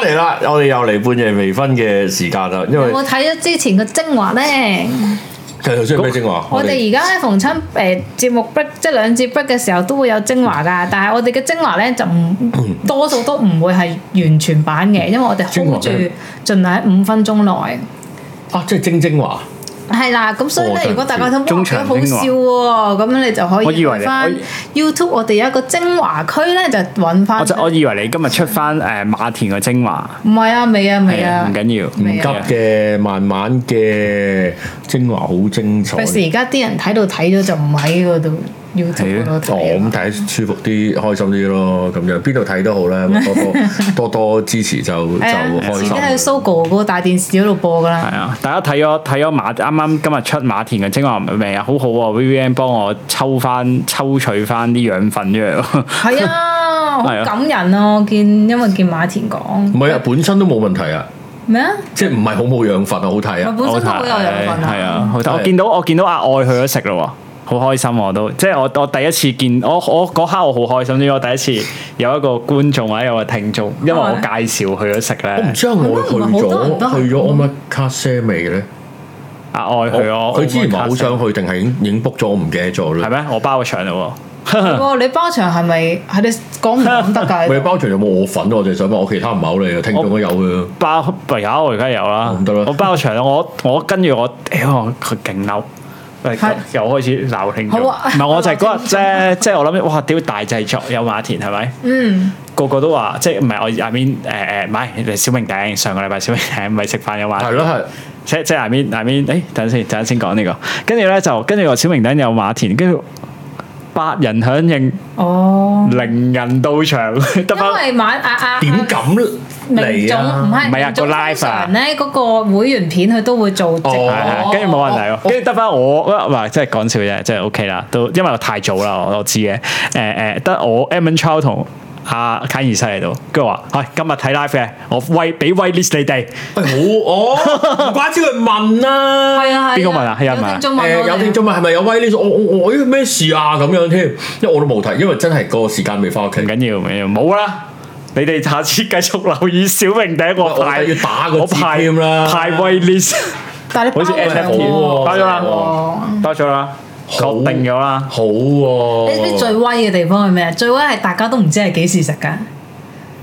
嚟啦！我哋又嚟半夜微醺嘅時間啦，因為我睇咗之前嘅精華咧。其實頭先咩精華？我哋而家逢親誒節目 break 即兩節 break 嘅時候都會有精華㗎，但係我哋嘅精華咧就唔多數都唔會係完全版嘅，因為我哋控住盡量喺五分鐘內。啊！即係精精華。係啦，咁所以咧，如果大家睇 YouTube 好笑喎，哦，咁你就可以翻 YouTube。我哋有一個精華區咧，就揾翻。我就以為你今日出翻誒馬田嘅精華。唔係啊，未啊，未啊的，唔緊要，唔急嘅，慢慢嘅精華好精彩。費事而家啲人睇到睇咗就唔喺嗰度。要睇哦，咁睇舒服啲，開心啲咯，咁樣邊度睇都好啦，多多多支持就就開始。誒，之前喺 Sogo 個大電視嗰度播噶啦。係啊，大家睇咗睇咗馬啱啱今日出馬田嘅《精青蛙命》，好好喎！VVN 幫我抽翻抽取翻啲養分嘅。係啊，好感人咯！我見因為見馬田講。唔係啊，本身都冇問題啊。咩啊？即係唔係好冇養分啊？好睇啊！本身都好有養分啊！係啊，我見到我見到阿愛去咗食嘞喎。好開心我都，即係我我第一次見我我嗰刻我好開心，因為第一次有一個觀眾或者有個聽眾，因為我介紹佢去食咧。我唔知我去咗去咗我乜卡味嘅咧？啊，阿愛去啊！佢之前好想去，定係已經已經 book 咗？我唔記得咗咧。係咩？我包個場嘞喎！你包場係咪係你講唔講得㗎？我包場有冇我份？我淨想問，我其他唔係我哋嘅聽眾都有嘅。包唔係有，而家有啦。我包個場啦，我我跟住我佢勁嬲。又開始鬧興咗，唔係我就係嗰日啫，即係我諗，哇屌大製作有馬田係咪？是是嗯，個個都話，即係唔係我下面，誒誒，唔係 I mean，呃，小明頂上個禮拜小明頂咪食飯有馬田，係咯係，即即下面，下面，誒等陣先，等陣先講呢個，跟住咧就跟住話小明頂有馬田，跟住。八人響應，零人到場，得翻。因為晚啊啊啊！點咁嚟啊？唔係啊，個 live 咧嗰個會員片佢都會做。哦，跟住冇問題咯，跟住得翻我。唔係，即係講笑啫，即係 OK 啦。都因為我太早啦，我我知嘅。誒誒，得我 Emmanuel 同。阿卡爾西喺度，跟住話：，係今日睇 live 嘅，我喂俾威 list 你哋。我我唔怪之佢問啦，係啊係。邊個問啊？有人問。有聽眾問係咪有威 list？我我我咦咩事啊？咁樣添，因為我都冇睇，因為真係個時間未翻屋企，唔緊要唔緊要冇啦。你哋下次繼續留意小明第一個派要打個字添啦，派威 list。但係你拍咗啦，拍咗啦，拍咗啦。確定咗啦！好喎，最威嘅地方係咩？最威係大家都唔知係幾時食㗎，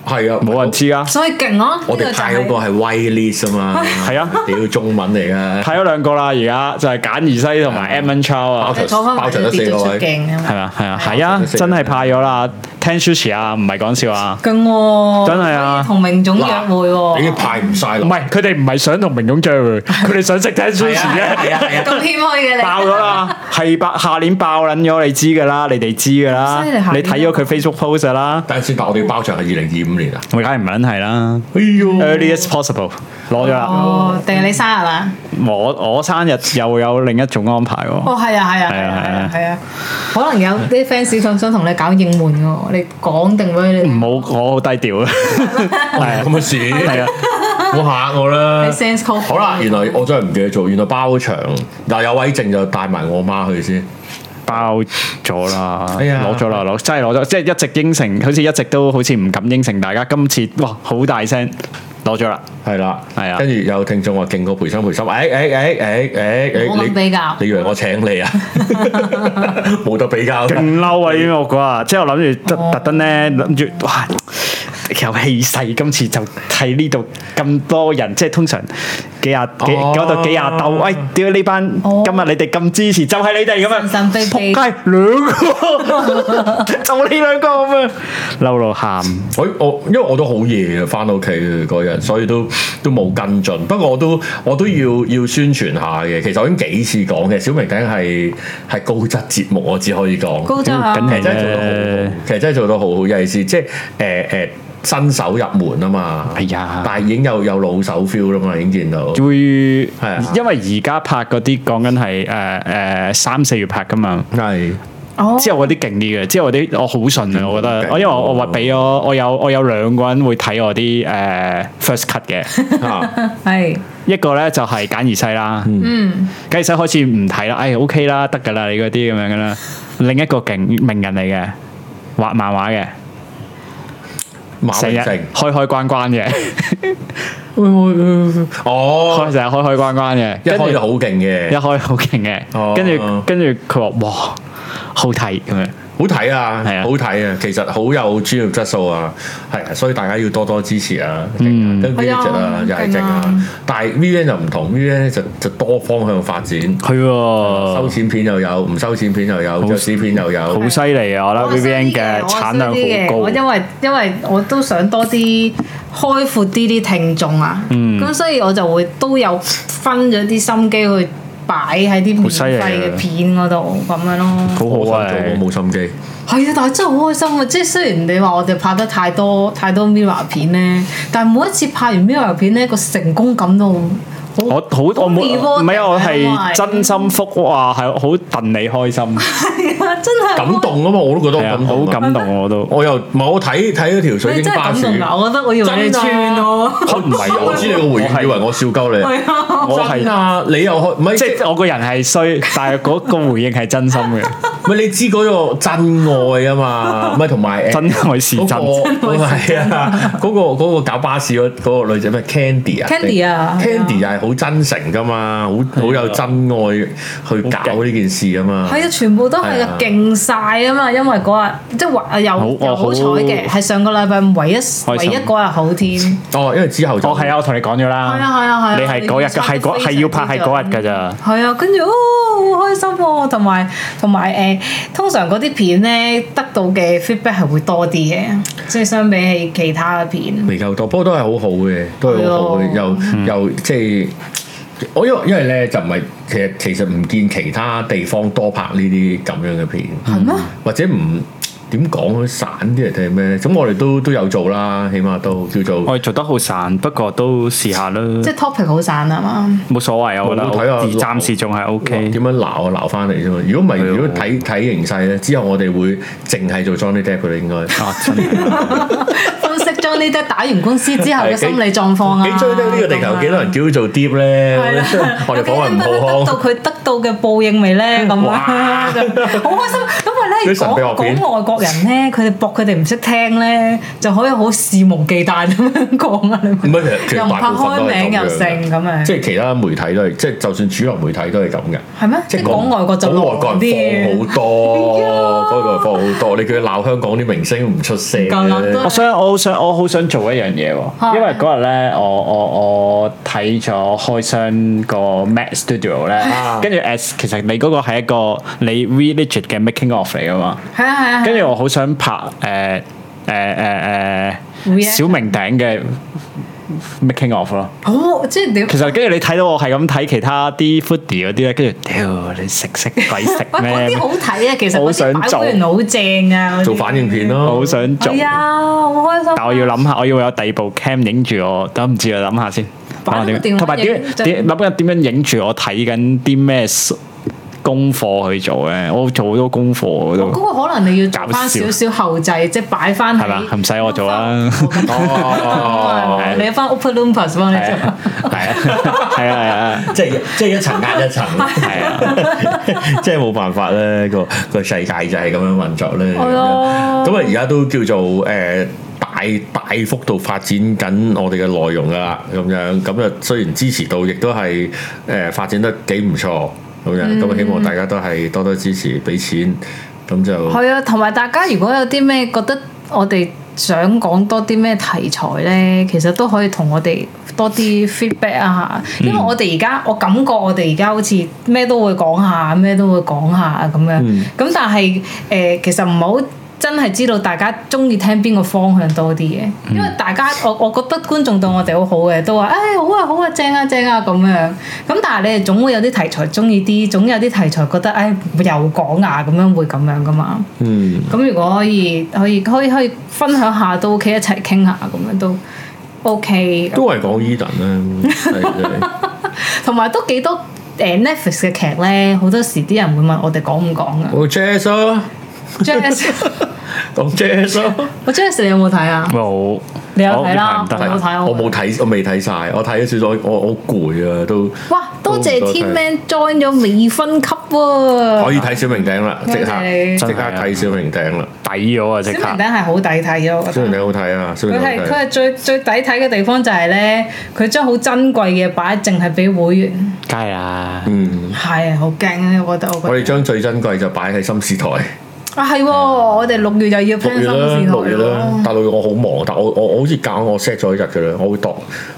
係啊，冇人知啊。所以勁咯，我哋派嗰個係威 list 啊嘛，係啊，屌中文嚟㗎，派咗兩個啦，而家就係簡而西同埋 a m Chow 啊，包陣咗四個，係嘛？係啊係啊，真係派咗啦。聽舒淇啊，唔係講笑啊，勁喎，真係啊，同名總約會喎，已經排唔晒喇，唔係佢哋唔係想同名總約會，佢哋想識聽舒淇啊，係啊，咁謙虛嘅你，爆咗啦，係爆下年爆撚咗，你知噶啦，你哋知噶啦，你睇咗佢 Facebook post 啦，第一次爆，我要包場係二零二五年啊，我梗係唔撚係啦，early as possible。攞咗啦！哦，定係你生日啊？我我生日又有另一種安排喎。哦，係啊，係啊，係啊，係啊，可能有啲 fans 想想同你搞應門喎，你講定俾你。唔好，我好低調啊，係咁嘅事，係啊，唔好嚇我啦。Sense c a 好啦，原來我真係唔記得做，原來包場嗱有位證就帶埋我媽去先，包咗啦，攞咗啦，攞真係攞咗，即係一直應承，好似一直都好似唔敢應承大家，今次哇好大聲。多咗啦，係啦了，係啊了，跟住有聽眾話勁過陪心陪心，哎哎哎哎哎哎，哎哎哎比較你，你以為我請你啊？冇 得比較，勁嬲啊！依個的我講啊，即係我諗住、嗯、特特登咧諗住哇。有氣勢，今次就喺呢度咁多人，即係通常幾廿幾嗰度幾廿竇。喂，屌，點解呢班今日你哋咁支持，就係你哋咁樣？神飛仆街兩個，就呢兩個咁樣！流流喊，哎，我因為我都好夜啊，翻到屋企嗰日，所以都都冇跟進。不過我都我都要要宣傳下嘅。其實我已經幾次講嘅，小明梗係係高質節目，我只可以講高質。咁其實真係做得好好，其實真係做得好好。意思。即係誒誒。新手入門啊嘛，係啊，但係已經有有老手 feel 啦嘛，已經見到，會，因為而家拍嗰啲講緊係誒誒三四月拍噶嘛，係，之後嗰啲勁啲嘅，之後嗰啲我好順啊，我覺得，我因為我我話俾我，我有我有兩個人會睇我啲誒 first cut 嘅，係，一個咧就係簡易西啦，簡易西開始唔睇啦，哎，OK 啦，得噶啦，你嗰啲咁樣噶啦，另一個勁名人嚟嘅，畫漫畫嘅。成日開開關關嘅，哦，成日開開關關嘅，一開就好勁嘅，一開好勁嘅，跟住跟住佢話哇，好睇咁樣。好睇啊，係啊，好睇啊，其實好有專業質素啊，係啊，所以大家要多多支持啊，跟 B 級啊，又係正啊，但係 VVN 就唔同，VVN 就就多方向發展，係喎，收錢片又有，唔收錢片又有，歷史片又有，好犀利啊！我覺得 VVN 嘅產量好高。我因為因為我都想多啲開闊啲啲聽眾啊，咁所以我就會都有分咗啲心機去。擺喺啲免費嘅片嗰度咁樣咯，好好啊！我冇心機係啊，但係真係好開心啊！即係雖然你話我哋拍得太多太多 mirror 片咧，但係每一次拍完 mirror 片咧，個成功感都，好，我好我冇唔係我係真心福啊，係好戥你開心，啊，真係感動啊嘛！我都覺得係好感動我都，我又唔係我睇睇嗰條水晶花樹我覺得我要。你穿咯，我唔係啊！我知你個回氣以為我笑鳩你啊！真啊！你又開唔係即係我個人係衰，但係嗰個回應係真心嘅。唔係你知嗰個真愛啊嘛？唔係同埋真愛是真，係啊！嗰個嗰個搞巴士嗰個女仔咩 Candy 啊？Candy 啊？Candy 又係好真誠㗎嘛，好好有真愛去搞呢件事啊嘛！係啊，全部都係勁晒啊嘛！因為嗰日即係還又好彩嘅，係上個禮拜唯一唯一嗰日好天哦，因為之後我係啊，我同你講咗啦。係啊，係啊，係啊，你係嗰日嗰係要拍，係嗰日噶咋？係啊，跟住哦，好開心喎、啊！同埋同埋誒，通常嗰啲片咧得到嘅 feedback 係會多啲嘅，即係相比起其他片未夠多，不過都係好好嘅，都係好好嘅，哦、又、嗯、又即係我因因為咧就唔係其實其實唔見其他地方多拍呢啲咁樣嘅片，係咩嗎？或者唔？點講佢散啲嚟聽咩？咁我哋都都有做啦，起碼都叫做我哋做得好散，不過都試下啦。即係 topic 好散啊嘛，冇所謂啊！我睇下暫時仲係 O K。點樣鬧啊鬧翻嚟啫嘛！如果唔係，如果睇睇形勢咧，之後我哋會淨係做 Johnny Depp 佢哋應該啊，真嘅分析。Johnny Depp 打完官司之後嘅心理狀況啊，幾追呢個地球幾多人叫做 Depp 咧？我哋講話唔好。到佢得到嘅報應未咧？咁啊，好開心。講講外國人咧，佢哋博佢哋唔識聽咧，就可以好肆無忌憚咁樣講啊！你唔係又拍開名又姓咁啊！即係其他媒體都係，即係就算主流媒體都係咁嘅。係咩？即係講外國就外國啲，好多嗰個放好多，你叫鬧香港啲明星唔出聲。我想我好想我好想做一樣嘢喎，因為嗰日咧，我我我睇咗開箱個 Mac Studio 咧，跟住 As 其實你嗰個係一個你 r e l i g i e 嘅 Making Of。嚟噶嘛？係啊係啊！跟住我好想拍誒誒誒誒小明頂嘅 making of 咯。好即係其實跟住你睇到我係咁睇其他啲 foodie 嗰啲咧，跟住屌你食食鬼食咩？嗰啲好睇啊！其實我想做，好正啊！做反應片咯，好想做。係啊，好開心。但我要諗下，我要有第二部 cam 影住我，等唔知嚟諗下先。同埋屌點？諗下點樣影住我睇緊啲咩？功課去做嘅，我做好多功課。功課可能你要揀翻少少後製，即係擺翻係。係唔使我做啊！你翻 Oompa Loompas 幫你做。係啊！係啊！係啊！即係即係一層壓一層，係啊！即係冇辦法咧，個個世界就係咁樣運作咧。咁啊，而家都叫做誒大大幅度發展緊我哋嘅內容啦，咁樣咁啊，雖然支持度亦都係誒發展得幾唔錯。好咁、嗯、希望大家都係多多支持，俾錢，咁就係啊。同埋大家如果有啲咩覺得我哋想講多啲咩題材咧，其實都可以同我哋多啲 feedback 啊。嗯、因為我哋而家我感覺我哋而家好似咩都會講下，咩都會講下咁樣，咁、嗯、但係誒、呃、其實唔好。真係知道大家中意聽邊個方向多啲嘅，因為大家我我覺得觀眾對我哋好好嘅，都話誒、哎、好啊好啊正啊正啊咁樣。咁但係你哋總會有啲題材中意啲，總有啲題材覺得誒、哎、又講啊咁樣會咁樣噶嘛。嗯。咁如果可以可以可以可以分享下，都，下都 OK，一齊傾下咁樣都 OK、e 啊。都係講 Eden 咧，同埋 都幾多誒 Netflix 嘅劇咧，好多時啲人會問我哋講唔講啊？Jesse，講 Jesse，我 Jesse 你有冇睇啊？冇，你有睇啦，我冇睇，我冇睇，我未睇晒，我睇咗少少，我我攰啊都。哇，多謝 Team Man join 咗未分級，可以睇小明頂啦，即刻即刻睇小明頂啦，抵咗啊！小明頂係好抵睇，我覺得。小明頂好睇啊！佢係佢係最最抵睇嘅地方就係咧，佢將好珍貴嘅擺淨係俾會員。梗係啦，嗯，係啊，好驚啊！我覺得我我哋將最珍貴就擺喺心事台。啊，係喎、哦！對我哋六月就要開心先好啦。六月啦，但六月我好忙，但我我我好似搞我 set 咗一日嘅啦。我會度，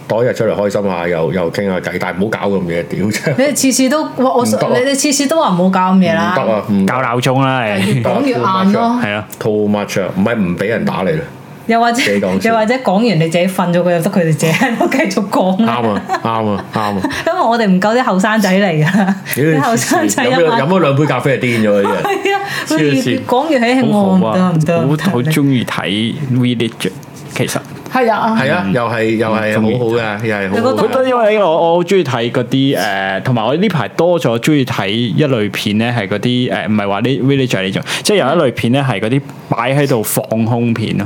擋一日出嚟開心下，又又傾下偈。但係唔好搞咁嘢，屌真係！你次次都、啊、你你次次都話唔好搞咁嘢啦。得啊！啊啊搞鬧鐘啦，係你們。越講越晏咯。係啊，too much 唔係唔俾人打你啦。Hmm. 又或者，又或者講完你自己瞓咗，佢又得佢哋自己繼續講啦，啱啊，啱啊，啱啊。因為我哋唔夠啲後生仔嚟噶。後生仔飲咗兩杯咖啡，係癲咗嘅。係啊，越講越起，我唔得，唔得。好中意睇 Village 其實係啊，係啊，又係又係好好嘅，又係好。佢因為我我好中意睇嗰啲誒，同埋我呢排多咗中意睇一類片咧，係嗰啲誒唔係話啲 Village 呢種，即係有一類片咧係嗰啲擺喺度放空片咯。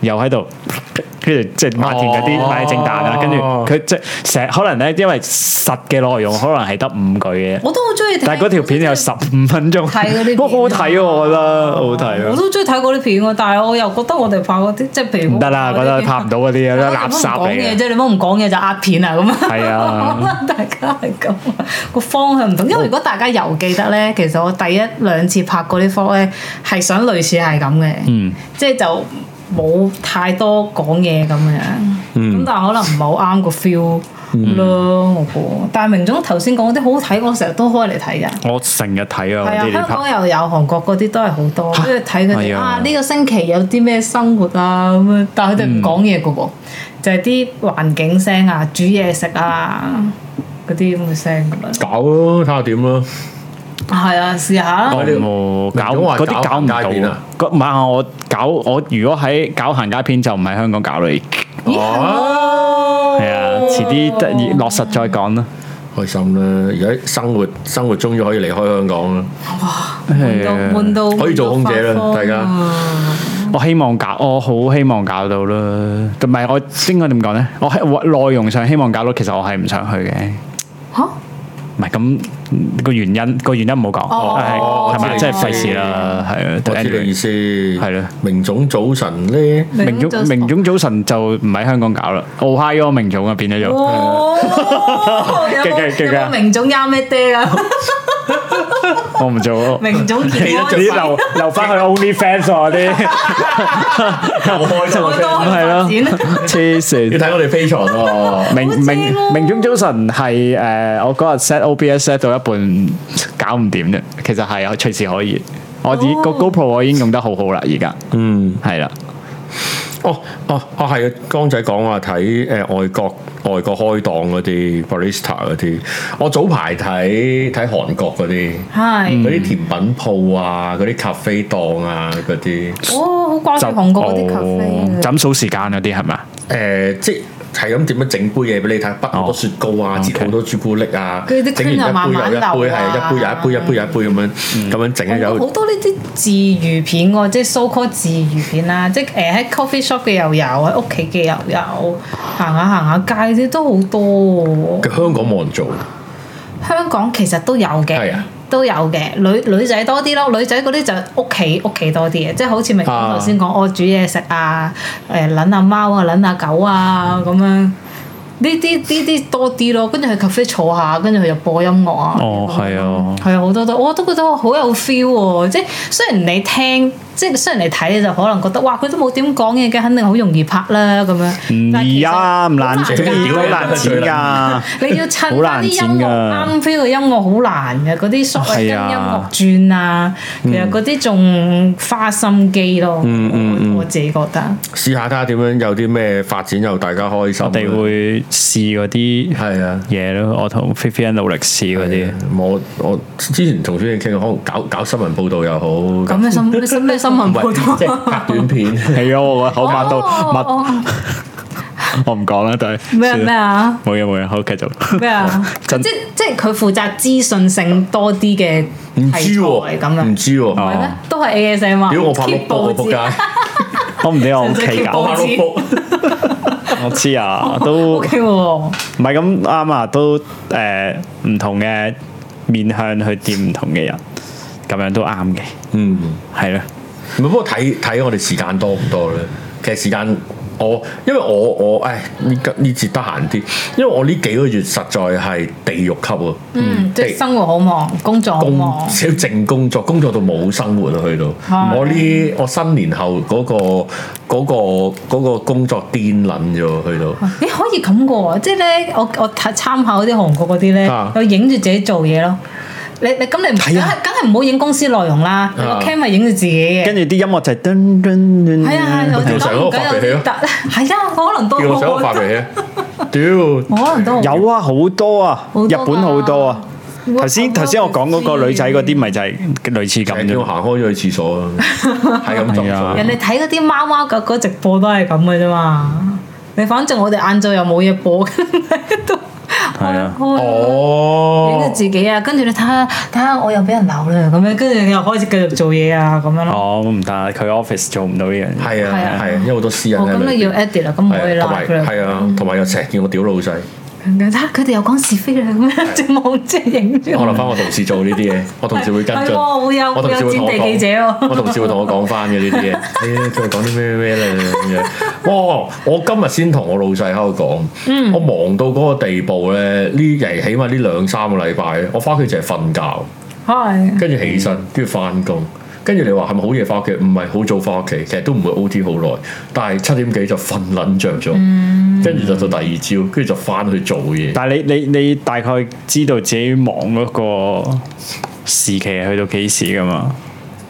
又喺度，跟住即係拍完嗰啲擺正蛋啊！跟住佢即係成可能咧，因為實嘅內容可能係得五句嘅。我都好中意睇，但係嗰條片有十五分鐘，都好睇喎！我覺得好睇咯。我都中意睇嗰啲片喎，但係我又覺得我哋拍嗰啲即係譬如，唔得啦，覺得拍唔到嗰啲啊，都垃圾嚟嘢啫？你乜唔講嘢就壓片啊？咁啊，大家係咁啊，個方向唔同。因為如果大家又記得咧，其實我第一兩次拍嗰啲科咧係想類似係咁嘅，即係就。冇太多講嘢咁樣，咁、嗯、但係可能唔係好啱個 feel 咯、嗯，我覺。但係明總頭先講啲好好睇，我成日都開嚟睇㗎。我成日睇啊，啊，香港又有韓國嗰啲都係好多，跟住睇嗰啲啊，呢個星期有啲咩生活啊咁啊，但係佢哋唔講嘢個喎，嗯、就係啲環境聲啊、煮嘢食啊嗰啲咁嘅聲咁樣。搞咯、啊，睇下點咯。係啊，試下咯、哦。搞嗰啲搞唔到，唔係、啊、我搞我。如果喺搞行街片就唔喺香港搞啦。哇哦，係啊，遲啲得落實再講啦。開心啦！而家生活生活終於可以離開香港啦。哇，悶到、啊、到，到可以做空姐啦，啊、大家。我希望搞，我好希望搞到啦。同埋我應該點講咧？我喺內容上希望搞到，其實我係唔想去嘅。吓、啊？唔係咁個原因，個原因唔好講，係咪？即係費事啦，係啊，都知你意思係啦。明總早晨咧，明總明總早晨就唔喺香港搞啦。Ohayo 明總啊，變咗做。明總啱咩爹啊？我唔做咯，明早見咯。你留留翻去 Only Fans 嗰啲，好開心啊！咁係咯，黐線，你睇我哋飛場喎。明明明，中早晨係誒，uh, 我嗰日 set OBS set 到一半搞唔掂啫。其實係有隨時可以，我自己個 GoPro 我已經用得好好啦。而家嗯係啦。哦哦哦，係啊、oh, oh, oh, oh, oh,！剛仔講話，睇誒外國外國開檔嗰啲 barista 嗰啲，我早排睇睇韓國嗰啲，係嗰啲甜品鋪啊，嗰啲咖啡檔啊嗰啲、哦啊，哦好掛住韓國嗰啲咖啡，枕數時間嗰啲係咪？誒、呃、即。係咁點樣整杯嘢俾你睇？畢好多雪糕啊，好、嗯、多朱古力啊，整、嗯、完一杯又慢一杯，係一杯又一杯，一杯又一杯咁樣咁樣整。有好多呢啲自娛片喎，即係 so call 自娛片啦，即係誒喺 coffee shop 嘅又有，喺屋企嘅又有，行下行下街啲都好多。佢、嗯、香港冇人做。香港其實都有嘅。都有嘅，女女仔多啲咯，女仔嗰啲就屋企屋企多啲嘅，即係好似咪啱頭先講，我煮嘢食啊，誒撚下貓啊，撚下狗啊咁樣，呢啲呢啲多啲咯，跟住去 cafe 坐下，跟住佢就播音樂啊，哦咁樣哦、啊，哦，係啊，係啊，好多都，我都覺得好有 feel 喎、啊，即係雖然你聽。即係雖然嚟睇你就可能覺得，哇！佢都冇點講嘢嘅，肯定好容易拍啦咁樣。唔易啊，唔難剪㗎？你要襯翻啲音樂啱 fit 嘅音樂好難嘅，嗰啲所謂音樂轉啊，其實嗰啲仲花心機咯。我自己覺得。試下睇下點樣有啲咩發展又大家開心。我哋會試嗰啲係啊嘢咯，我同菲菲努力試嗰啲。我我之前同小英傾啊，可能搞搞新聞報道又好。咁嘅新，咁嘅新。唔係即係拍短片，係啊！我個口擘到擘，我唔講啦，就係咩咩啊？冇嘢冇嘢，好繼續。咩啊？即即係佢負責資訊性多啲嘅題材咁樣，唔知係都係 A S M 如果我拍過波，我仆街，我唔畀我屋企搞。我我知啊，都唔係咁啱啊！都誒，唔同嘅面向去掂，唔同嘅人，咁樣都啱嘅。嗯，係啦。唔不過睇睇我哋時間多唔多咧？其實時間我，因為我我誒呢呢節得閒啲，因為我呢幾個月實在係地獄級啊。嗯，地即係生活好忙，工作好忙，少淨工，工作，工作到冇生活啊！去到的我呢，我新年後嗰個嗰個嗰個工作癲撚咗去到。你可以咁過，即係咧，我我睇參考啲韓國嗰啲咧，佢影住自己做嘢咯。你你咁你唔梗係梗係唔好影公司內容啦，個 cam 咪影住自己嘅。跟住啲音樂就係噔噔噔，條仔嗰個發脾氣咯。係啊，可能多好多。叫個仔我發脾氣。屌，有啊，好多啊，日本好多啊。頭先頭先我講嗰個女仔嗰啲咪就係類似咁樣。叫行開咗去廁所啊，係咁做啊。人哋睇嗰啲貓貓狗狗直播都係咁嘅啫嘛。你反正我哋晏晝又冇嘢播喺度。我哦，影、oh oh. 到自己啊！跟住你睇下睇下，看看我又俾人鬧啦咁樣，跟住你又開始繼續、啊 oh, 做嘢啊咁樣咯。哦，唔得，佢 office 做唔到呢樣嘢。係啊，係啊，因為好多私人咁你、哦、要 edit、啊、啦，咁唔可以啦。係啊，同埋又成日叫我屌老細。佢哋又講是非啦，咁樣即望即影。即我諗翻我同事做呢啲嘢，我同事會跟進。我同事會同我講翻嘅呢啲嘢，呢啲即講啲咩咩咩？咧咁樣。哇！我今日先同我老細喺度講，我忙到嗰個地步咧，呢期起碼呢兩三個禮拜，我翻屋企淨係瞓覺。係跟住起身，跟住翻工。跟住你話係咪好夜翻屋企？唔係好早翻屋企，其實都唔會 OT 好耐。但係七點幾就瞓撚着咗，跟住、嗯、就到第二朝，跟住就翻去做嘢。但係你你你大概知道自己忙嗰個時期係去到幾時㗎嘛？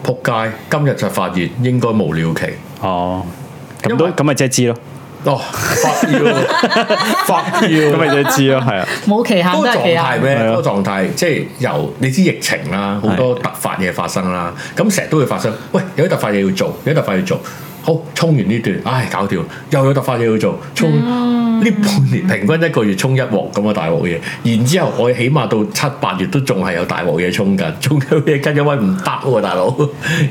仆街！今日就發熱，應該無聊期。哦，咁都咁咪即係知咯。哦，發票、oh，發票咁咪即係知咯，係啊，冇期限都係期限咩？個狀態即係由你知疫情啦，好 多突發嘢發生啦，咁成日都會發生。喂，有啲突發嘢要做，有啲突發要做。好，衝完呢段，唉，搞掂，又有突發嘢要做，衝呢、嗯、半年平均一個月衝一鑊咁啊，大鑊嘢，然之後我起碼到七八月都仲係有大鑊嘢衝緊，仲有嘢跟一位唔得喎，大佬，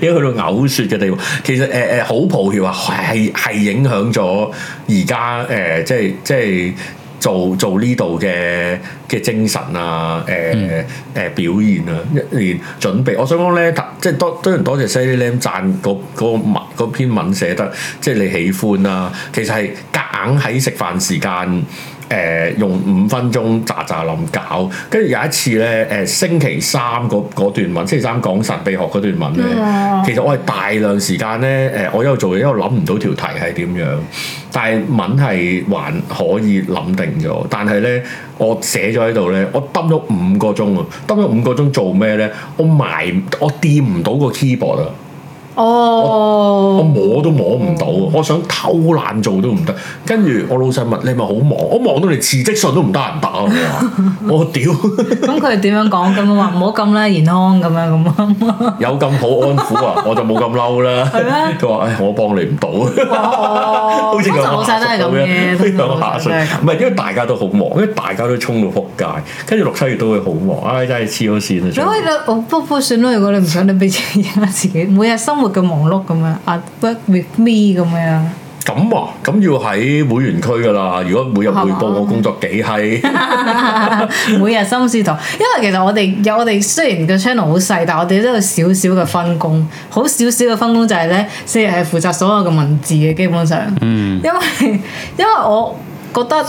因為去到嘔血嘅地方。其實誒誒、呃呃、好抱歉話，係係影響咗而家誒，即係即係。做做呢度嘅嘅精神啊，誒、呃、誒、嗯呃、表現啊，一年準備，我想講咧，即係多當然多謝西利蘭讚，嗰嗰文嗰篇文寫得，即係你喜歡啦、啊。其實係夾硬喺食飯時間。誒、嗯、用五分鐘咋咋臨搞，跟住有一次咧，誒、呃、星期三嗰段文，星期三講神秘學嗰段文咧，嗯、其實我係大量時間咧，誒、呃、我一路做嘢，一路諗唔到條題係點樣，但係文係還可以諗定咗，但係咧我寫咗喺度咧，我蹲咗五個鐘啊，蹲咗五個鐘做咩咧？我埋我掂唔到個 keyboard 啊！哦，我摸都摸唔到，我想偷懶做都唔得。跟住我老細問：你咪好忙？我忙到連辭職信都唔得閒打咁啊！我屌！咁佢點樣講？咁我話唔好咁啦，健康咁樣咁啊！有咁好安撫啊，我就冇咁嬲啦。係咩？佢話：唉，我幫你唔到。好似老細都係咁嘅，都冇嘅。唔係因為大家都好忙，因為大家都衝到撲街，跟住六七月都會好忙。唉，真係黐咗線啊！所以你我不過算啦，如果你唔想你俾自己每日生活。嘅忙碌咁樣 a work with me 咁樣。咁啊，咁要喺會員區㗎喇。如果每日匯報，我工作幾閪。每日心思度，因為其實我哋有我哋雖然個 channel 好細，但係我哋都有少少嘅分工，好少少嘅分工就係、是、咧，四日係負責所有嘅文字嘅基本上。嗯。因為因為我覺得。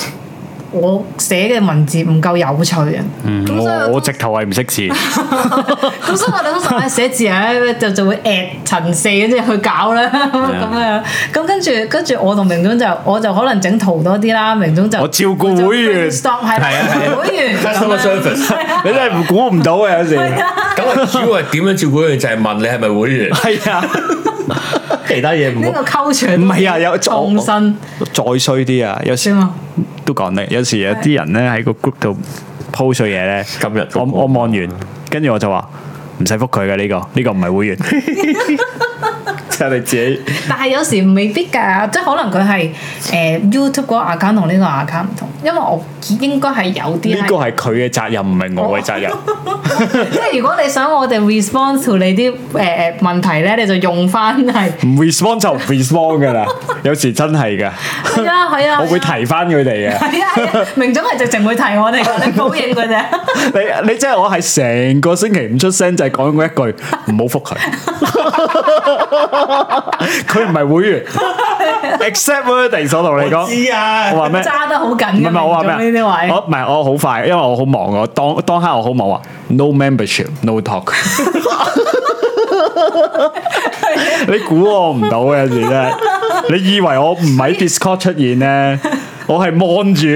我寫嘅文字唔夠有趣啊！嗯，我我直頭係唔識字。咁所以我哋通常咧寫字咧就就會 at 陳四嗰啲去搞啦咁啊！咁跟住跟住我同明總就我就可能整圖多啲啦，明總就我照顧會員 stop 係啊，會員 customer service 你哋唔估唔到啊有時。咁主要係點樣照顧佢就係問你係咪會員？係啊。 其他嘢唔好，冇， 唔係 啊，有創新，再衰啲啊，有先啊，都講得。有時有啲人咧喺個 group 度 post 衰嘢咧，我我望完，跟住我就話唔使覆佢嘅，呢個，呢、呢個唔係會員。 就你自己，但係有時未必噶，即係可能佢係誒 YouTube 個 account 同呢個 account 唔同，因為我應該係有啲，呢個係佢嘅責任，唔係我嘅責任。即係如果你想我哋 respond to 你啲誒誒問題咧，你就用翻係，唔 respond 就唔 respond 噶啦，有時真係噶。係啊係啊，我會提翻佢哋啊。明總係直情會提我哋，你唔好應佢哋。你你即係我係成個星期唔出聲，就係講嗰一句唔好覆佢。佢唔係會員 ，except ings, 我第一手同你講，我知啊。我話咩？揸得好緊，唔係我話咩？我唔係我好快，因為我好忙啊。當當刻我好忙啊。No membership，no talk。你估我唔到嘅時咧？你以為我唔喺 Discord 出現咧？我係望住，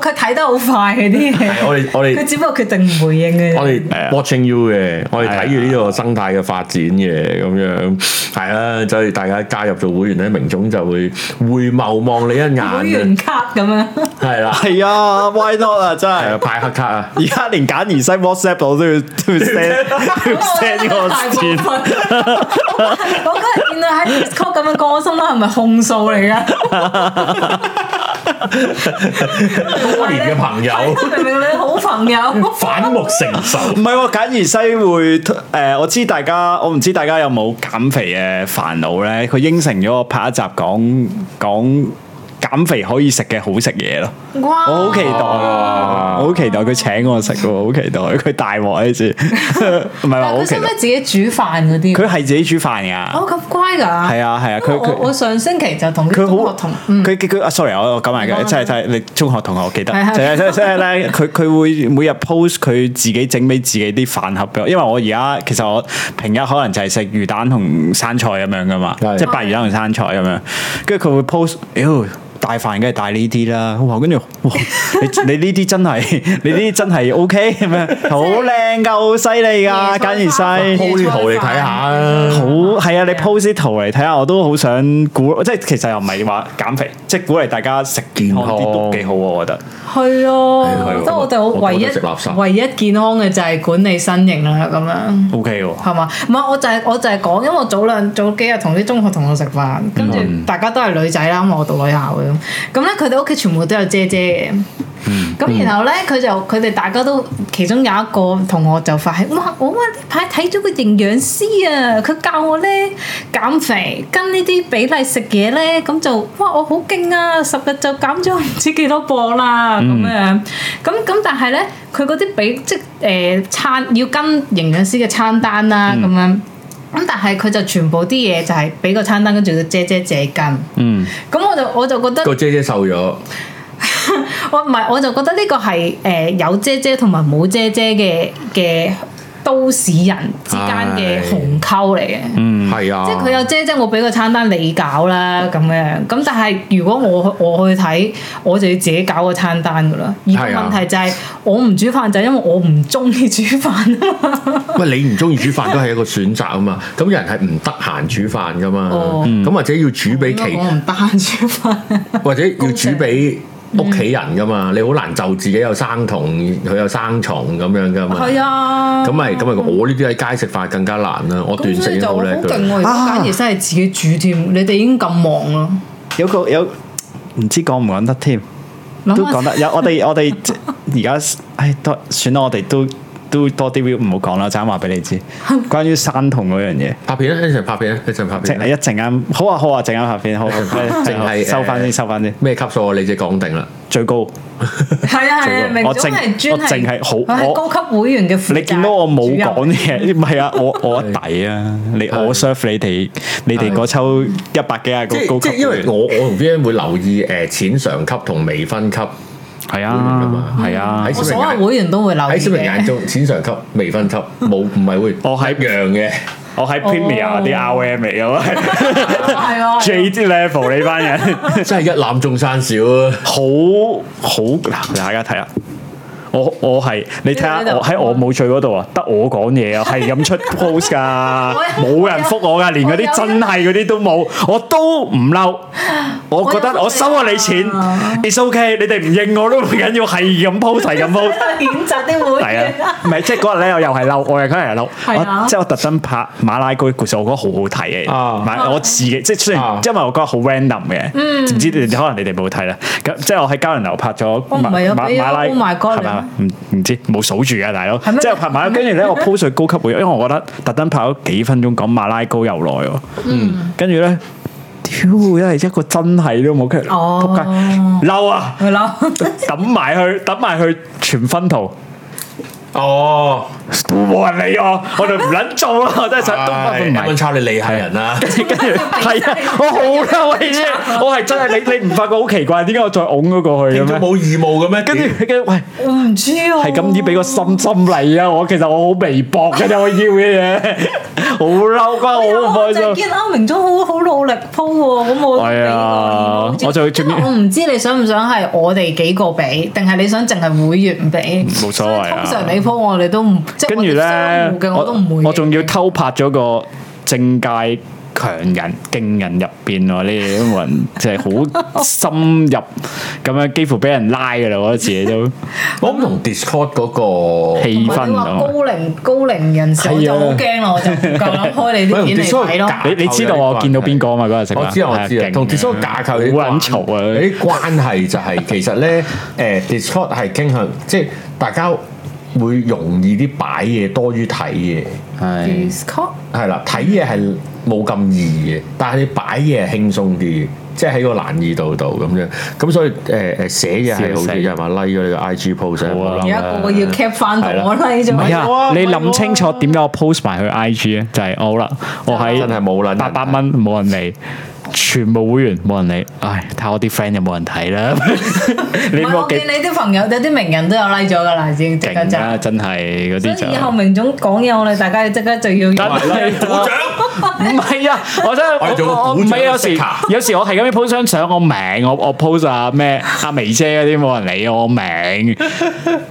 佢睇得好快嗰啲嘢。我哋我哋佢只不過決定唔回應嘅。我哋 watching you 嘅，我哋睇住呢個生態嘅發展嘅咁樣，係啦，所以大家加入做會員咧，明總就會回眸望你一眼啊！會員卡咁樣，係啦，係啊，why not 啊？真係派黑卡啊！而家連簡易西 WhatsApp 我都要 send send 個我係講緊喺 Discord 咁嘅歌聲啦，係咪控訴嚟㗎？ 多年嘅朋友，明明你好朋友，反目成仇，唔係喎，簡而西會誒、呃，我知大家，我唔知大家有冇減肥嘅煩惱咧，佢應承咗我拍一集講講。減肥可以食嘅好食嘢咯，我好期待，我好期待佢請我食喎，好期待佢大鑊呢次，唔係話好期待。佢識唔識自己煮飯嗰啲？佢係自己煮飯㗎。哦，咁乖㗎。係啊，係啊。佢我上星期就同佢中學同佢佢啊，sorry，我我講埋嘅，即係即係你中學同學，記得。即係即係咧，佢佢會每日 post 佢自己整俾自己啲飯盒俾我，因為我而家其實我平日可能就係食魚蛋同生菜咁樣噶嘛，即係白魚蛋同生菜咁樣。跟住佢會 post，妖。大飯梗係大呢啲啦，跟住哇，你你呢啲真係，你呢啲真係 O K 咁樣，好靚㗎，好犀利㗎，簡直犀。p o s 嚟睇下，好係啊！你 p o s e 啲圖嚟睇下，我都好想估。即係其實又唔係話減肥，即係鼓勵大家食健康都幾好，我覺得。係咯，都我哋好唯一唯一健康嘅就係管理身形啦，咁樣。O K 喎，係嘛？唔係我就係我就係講，因為我早兩早幾日同啲中學同學食飯，跟住大家都係女仔啦，咁我讀女校咁咧，佢哋屋企全部都有姐姐嘅。咁、嗯、然後咧，佢就佢哋大家都其中有一個同學就發起哇！我嗰排睇咗個營養師啊，佢教我咧減肥，跟呢啲比例食嘢咧，咁就哇！我好勁啊，十日就減咗唔知幾多磅啦咁、嗯、樣。咁咁但係咧，佢嗰啲比即係、呃、餐要跟營養師嘅餐單啦、啊、咁、嗯、樣。咁但係佢就全部啲嘢就係俾個餐單跟住佢姐姐借緊，咁、嗯、我就我就覺得個姐姐瘦咗， 我唔係我就覺得呢個係誒、呃、有姐姐同埋冇姐姐嘅嘅都市人之間嘅鴻溝嚟嘅。哎嗯係啊，即係佢有啫啫，我俾個餐單你搞啦咁樣。咁但係如果我我去睇，我就要自己搞個餐單噶啦。啊、而個問題就係、是、我唔煮飯，就係、因為我唔中意煮飯。喂， 你唔中意煮飯都係一個選擇啊嘛。咁人係唔得閒煮飯噶嘛。哦，咁或者要煮俾其、嗯，我唔得閒煮飯。 或者要煮俾。屋企人㗎嘛，你好難就自己有生蟲，佢有生蟲咁樣㗎嘛。係啊，咁咪咁咪，我呢啲喺街食飯更加難啦。嗯、我斷食都好叻佢。啊，反而真係自己煮添，你哋已經咁忙啦。有個有唔知講唔講得添，都講得。有我哋我哋而家，唉，都算啦。我哋、哎、都。都多啲 v 唔好講啦，就啱話俾你知。關於山同嗰樣嘢，拍片啦，一陣拍片啦，一陣拍片。一陣間，好啊好啊，陣間拍片。好，淨係收翻先，收翻先。咩級數啊？你即係講定啦，最高。係啊，我淨係我淨係好，我高級會員嘅款。你見到我冇講嘢，唔係啊，我我抵啊！你我 serve 你哋，你哋嗰抽一百幾廿個高級，因為我我同 VVN 會留意誒錢上級同未分級。係啊，係啊，喺所有會員都會鬧，喺小明眼中，淺上級、未分級，冇唔係會。哦 是，係唔同嘅，我喺 Premium 啲 RM 嚟嘅，係喎最啲 level 呢班人真係一覽眾山小啊，好好嗱，大家睇下。 我我係你睇下我喺我冇趣嗰度啊，得我講嘢啊，係咁出 post 噶，冇人覆我噶，連嗰啲真係嗰啲都冇，我都唔嬲。我覺得我收咗你錢，It's OK。你哋唔應我都唔緊要，係咁 post 係咁 post。選擇啲會唔會？唔係，即係嗰日咧，我又係嬲，我又日係嬲。即係我特登拍馬拉居，其實，我覺得好好睇嘅。我自己即係雖然，因為我覺得好 random 嘅，唔知你哋可能你哋冇睇啦。咁即係我喺交流流拍咗馬拉，係咪啊？唔唔知冇數住啊，大佬，即係拍埋，跟住咧我 po 上高級回應，因為我覺得特登拍咗幾分鐘講馬拉糕又耐喎，嗯，跟住咧，屌，一係一個真係都冇傾，仆街，嬲啊，嬲，抌埋去，抌埋去，全分圖，哦。都冇人理我，我哋唔捻做咯，我真係想。唔關差你理係人啦。跟住，跟住，係啊，我好嬲，我先，我係真係你。你唔發覺好奇怪？點解我再拱咗過去嘅冇義務嘅咩？跟住，跟住，喂，我唔知啊。係咁啲俾個心心嚟啊！我其實我好微薄嘅，要嘅嘢好嬲，我好唔開心。我淨係見明總好好努力鋪喎，咁我唔俾個點。我就要，我唔知你想唔想係我哋幾個俾，定係你想淨係會員俾？冇所謂啊。通常你鋪我哋都唔。跟住咧，我我仲要偷拍咗個政界強人勁人入邊喎，呢啲人即係好深入咁樣，幾乎俾人拉噶啦，我覺得自己都。我諗同 Discord 嗰個氣氛咯。高齡高齡人士都好驚，我就唔夠膽開你啲片，你你知道我見到邊個啊嘛嗰陣時？我知道我知啊。同 Discord 架構好嘈湊啊，啲關係就係其實咧，誒 Discord 係傾向即係大家。會容易啲擺嘢多於睇嘢，係係啦，睇嘢係冇咁易嘅，但係你擺嘢係輕鬆啲，即係喺個難易度度咁樣，咁所以誒誒、呃、寫嘢係好啲，試試有人的 like 咗、啊啊、你個 IG post，而家個個要 cap 翻我啦，你做乜嘢？你諗清楚點解我 post 埋去 IG 咧、就係？就係我好啦，我喺八百蚊冇人嚟。 全部會員冇人理，唉！睇我啲 friend 又冇人睇啦。唔係，我見你啲朋友有啲名人都有拉咗噶啦，已經勁啊！真係嗰啲就。所以以後明總講嘢，我哋大家要即刻就要。等你鼓掌。唔係啊！我真係我我唔係有時有時我提咁要 po 張相，我名我我 po 下咩阿眉姐嗰啲冇人理我名。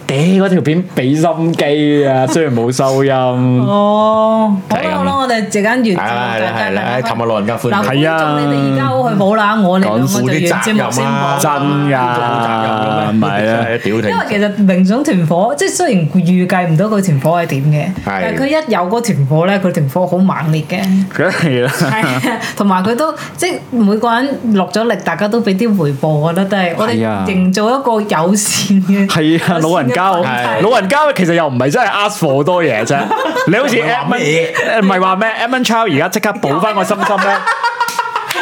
屌，嗰條片俾心機啊！雖然冇收音。哦，咁樣咯，我哋陣間完。係係係，氹下老人家歡。係啊。我哋而家好去補啦，我哋咁樣就要接木先補，真噶，唔係啊，因為其實明種團伙，即係雖然預計唔到個團伙係點嘅，但係佢一有嗰團伙咧，佢團伙好猛烈嘅，梗係啦，係啊，同埋佢都即係每個人落咗力，大家都俾啲回報，我覺得都係，我哋營造一個友善嘅，係啊，老人家好，老人家其實又唔係真係 ask for 好多嘢啫，你好似 Emma，唔係話咩？Emma Child 而家即刻補翻個心心咩。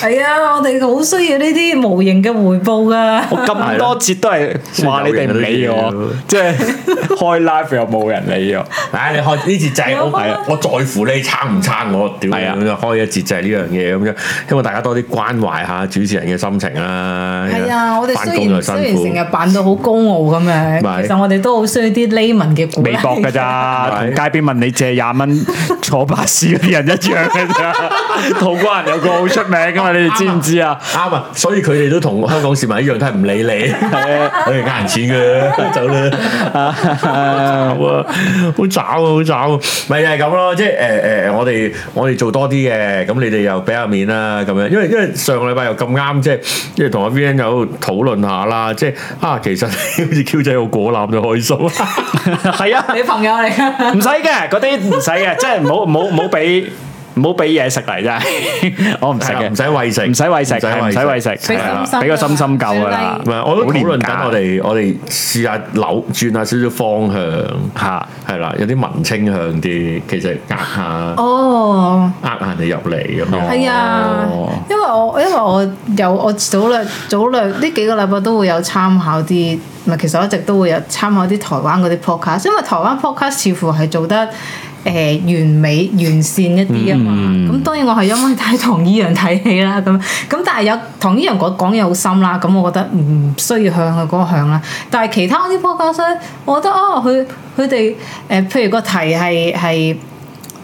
係啊，我哋好需要呢啲無形嘅回報噶。我咁多節都係話你哋唔理我，即係開 live 又冇人理我。唉，你開呢節制我係啊，我在乎你撐唔撐我，點樣咁開一節制呢樣嘢咁樣，希望大家多啲關懷下主持人嘅心情啦。係啊，我哋雖然雖然成日扮到好高傲咁樣，其實我哋都好需要啲 layman 嘅微博噶咋，同街邊問你借廿蚊坐巴士嗰啲人一樣噶咋。土瓜人有個好出名。咁啊！你哋知唔知啊？啱 啊！所以佢哋都同香港市民一樣，都係唔理你， 啊、我哋呃人錢嘅，走啦！ 好啊！好渣，好渣，咪就係咁咯！即係誒誒，我哋我哋做多啲嘅，咁你哋又俾下面啦，咁樣。因為因為上個禮拜又咁啱，即係即係同阿 VVN 有討論下啦，即係啊，其實好似 Q 仔好果腩就開心，係 啊，你朋友嚟嘅，唔使嘅，嗰啲唔使嘅，即係唔好唔好唔好俾。唔好俾嘢食嚟啫，我唔食嘅，唔使餵食，唔使餵食，唔使餵食，俾個心心夠啊！唔係，我都討論緊我哋，我哋試下扭轉下少少方向嚇，係啦，有啲文青向啲，其實呃下哦，呃下你入嚟咁樣，係啊，因為我因為我有我早兩早兩呢幾個禮拜都會有參考啲，唔係其實我一直都會有參考啲台灣嗰啲 podcast，因為台灣 podcast 似乎係做得。誒、呃、完美完善一啲啊嘛，咁、嗯、當然我係因為睇唐依陽睇戲啦，咁咁但係有唐依陽講嘢好深啦，咁我覺得唔需要向佢嗰個向啦，但係其他啲科教師，我覺得，我覺得哦，佢佢哋誒譬如個題係係，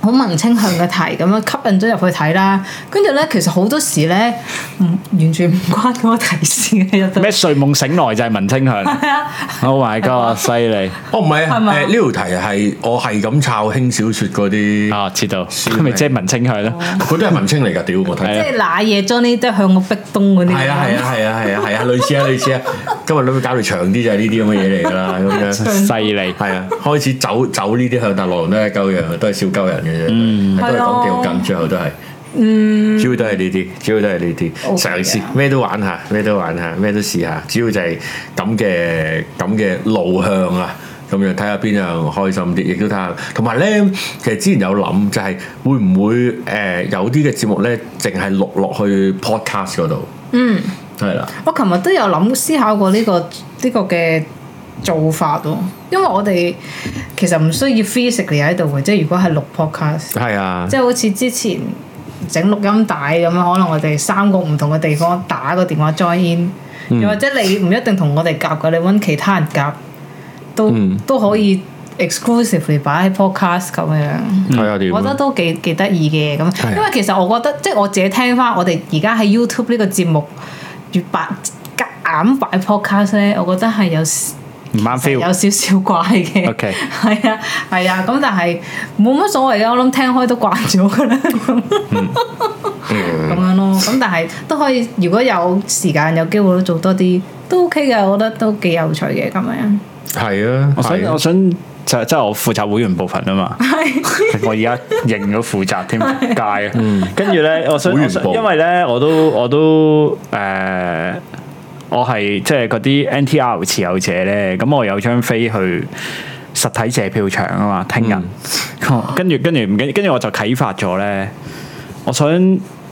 好文青向嘅題咁樣吸引咗入去睇啦あ、嗯，跟住咧其實好多時咧唔完全唔關嗰個提示嘅入。咩睡夢醒來就係文青向？係啊！Oh my god，犀利！哦唔係啊，誒呢條題係我係咁抄輕小說嗰啲啊，切到咪即係文青向啦，嗰啲係文青嚟㗎，屌我睇，即係攋嘢將啲即向我壁咚嗰啲。係啊係啊係啊係啊係啊，類似啊類似啊，今日女女搞到長啲就係呢啲咁嘅嘢嚟㗎啦，咁樣犀利係啊！開始走走呢啲向，但落嚟都係鳩樣，都係少鳩人。嗯，都係講調緊，的最後都係，嗯主、主要都係呢啲，主要都係呢啲，嘗試咩都玩下，咩都玩下，咩都試下，主要就係咁嘅咁嘅路向啊，咁樣睇下邊樣開心啲，亦都睇下，同埋咧，其實之前有諗就係會唔會誒、呃、有啲嘅節目咧，淨係錄落去 podcast 嗰度，嗯，係啦的，我琴日都有諗思考過呢、這個呢、這個嘅。做法咯，因為我哋其實唔需要 physically 喺度喎，即係如果係錄 podcast，即係好似之前整錄音帶咁樣，可能我哋三個唔同嘅地方打個電話 join，又、嗯、或者你唔一定同我哋夾嘅，你揾其他人夾都、嗯、都可以 exclusively 擺喺 podcast 咁樣。係啊，點？我覺得都幾幾得意嘅咁，因為其實我覺得即係我自己聽翻我哋而家喺 YouTube 呢個節目越擺夾硬擺 podcast 咧，我覺得係有。唔啱 feel，有少少怪嘅，OK 係啊係啊，咁、啊、但係冇乜所謂嘅，我諗聽開都慣咗噶啦，咁、 mm. mm. 樣咯，咁但係都可以，如果有時間有機會都做多啲，都 OK 嘅，我覺得都幾有趣嘅咁樣。係啊，啊我，我想就就就我想就即係我負責會員部分啊嘛，係， 我而家認咗負責添界，嗯了，mm. 跟住咧，我想，會員部我想因為咧，我都我都誒。 我係即係嗰啲 NTR 持有者呢。咁我有張飛去實體借票場啊嘛，聽日跟住跟住唔跟跟住我就啟發咗呢。我想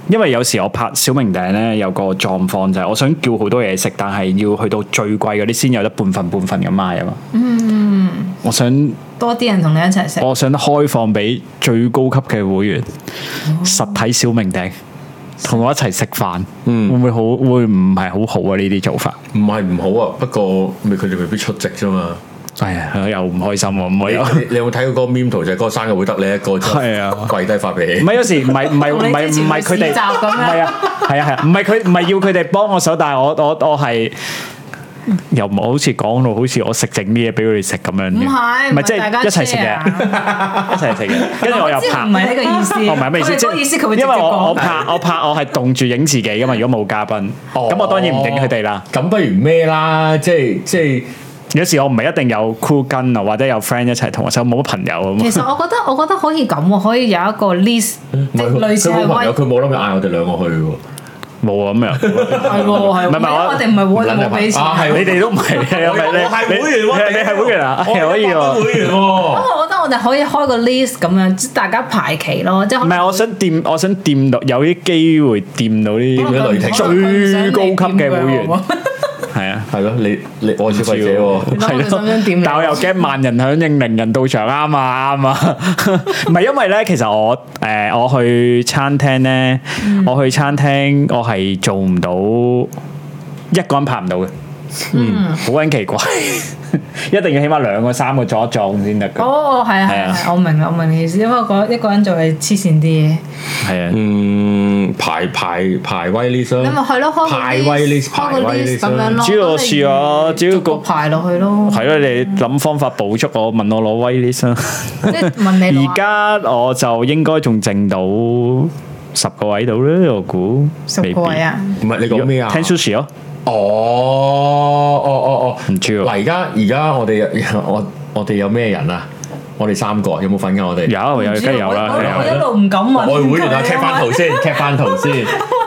因為有時我拍小明頂呢，有個狀況就係，我想叫好多嘢食，但係要去到最貴嗰啲先有得半份半份咁賣啊嘛。嗯，我想多啲人同你一齊食。我想開放俾最高級嘅會員，實體小明頂。哦。同我一齊食飯，會唔會好會唔係好好啊？呢啲做法唔係唔好、哎、啊，不過咪佢哋未必出席啫嘛。係啊，又唔開心喎，唔可以你。 你有冇睇過個 meme 圖就係個生日會得你一個啫，係啊， 跪低發脾氣。唔係有時唔係唔係唔係唔係佢哋，唔係啊，係啊係啊，唔係佢唔係要佢哋幫我手，但係我我我係。又唔好似講到好似我食整啲嘢俾佢哋食咁樣嘅，唔係唔係即係大家一齊食嘅，一齊食嘅。跟住我又拍，唔係呢個意思。唔係意思，即係因為我我拍我拍，我係凍住影自己㗎嘛。如果冇嘉賓，咁我當然唔影佢哋啦。咁不如咩啦？即係即係有時我唔係一定有 crew 跟啊，或者有 friend 一齊同我，就冇乜朋友。其實我覺得我覺得可以咁喎，可以有一個 list，即係類似係。佢冇諗要嗌我哋兩個去喎。冇啊咁樣，係喎係，我我哋唔係會員，冇俾錢，你哋都唔係，我我係會員喎，你係會員啊，可以都會員喎，咁我覺得我哋可以開個 list 咁樣，大家排期咯，即係唔係我想掂，我想掂到有啲機會掂到呢啲咩最高級嘅會員。係啊，係咯，你你我消費者喎，係咯，了但係我又驚萬人響應，零人到場啱啊，啱啊。唔係 因為咧，其實我誒、呃，我去餐廳咧，嗯、我去餐廳，我係做唔到一個人拍唔到嘅，嗯，好鬼奇怪。 一定要起碼兩個三個撞一撞先得噶。哦，係啊，係啊，我明啦，我明你意思，因為我覺得一個人做係黐線啲嘢。係啊，嗯，排排排威 list，咁咪係咯，排威 list，排威 list 咁樣咯。主要我試我主要個排落去咯。係咯，你諗方法捕捉我問我攞威 list 啦。你問你。而家我就應該仲剩到十個位度咧，我估十個位啊。唔係你講咩啊？聽書時哦。哦，哦哦哦，唔知喎。嗱，而家而家我哋我我哋有咩人啊？我哋三個有冇份噶？我哋有，有梗係有啦，有。我一路唔敢問，外會員啊，cap 翻圖先，cap 翻圖先。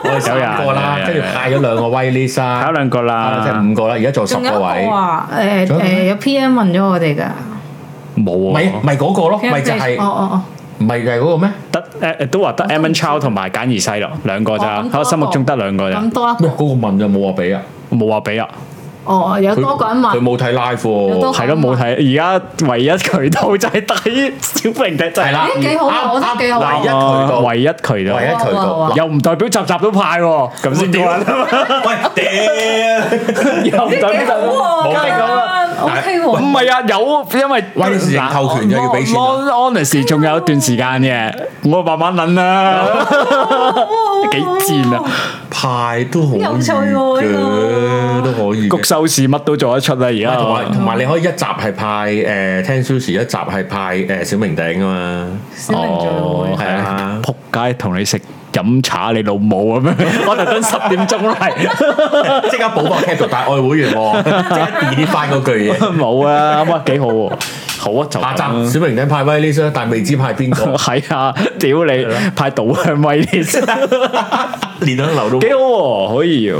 有兩個啦，跟住派咗兩個 waitlist 啊，派兩個啦，即係五個啦。而家做十個位。仲有一個話，誒誒有 PM 問咗我哋㗎，冇啊，咪咪嗰個囉，咪就係。唔係計嗰個咩？得誒，都話得 Emma c h i l e 同埋簡而西咯，兩個咋？我心目中得兩個咋？咁多啊？喂，嗰個問就冇話俾啊，冇話俾啊。哦，有多個人問。佢冇睇 live 喎，係咯，冇睇。而家唯一渠道就係睇小明嘅。係啦，幾好啊！我覺得幾好。唯一渠道，唯一渠道，又唔代表集集都派喎。咁先點？喂，屌！又唔代表冇啊？唔係啊，有，因為安立士扣權又要俾錢。安安立士仲有一段時間嘅，我慢慢諗啊，幾賤啊，派都可以，都可以。谷收視乜都做得出啦，而家同埋同埋你可以一集係派誒，聽收視一集係派誒小明頂啊嘛，哦，係啊，撲街同你食。飲茶你老母咁樣， 我特登十點鐘嚟，即 刻補翻 catch 到大愛會員，即刻變翻句嘢。冇、嗯、啊，咁啊幾好，好啊就啊。阿爭、啊，小明點派威呢斯，但未知派邊個。係 啊，屌你，了派倒向威呢斯，練到流到。幾好、啊，可以、啊，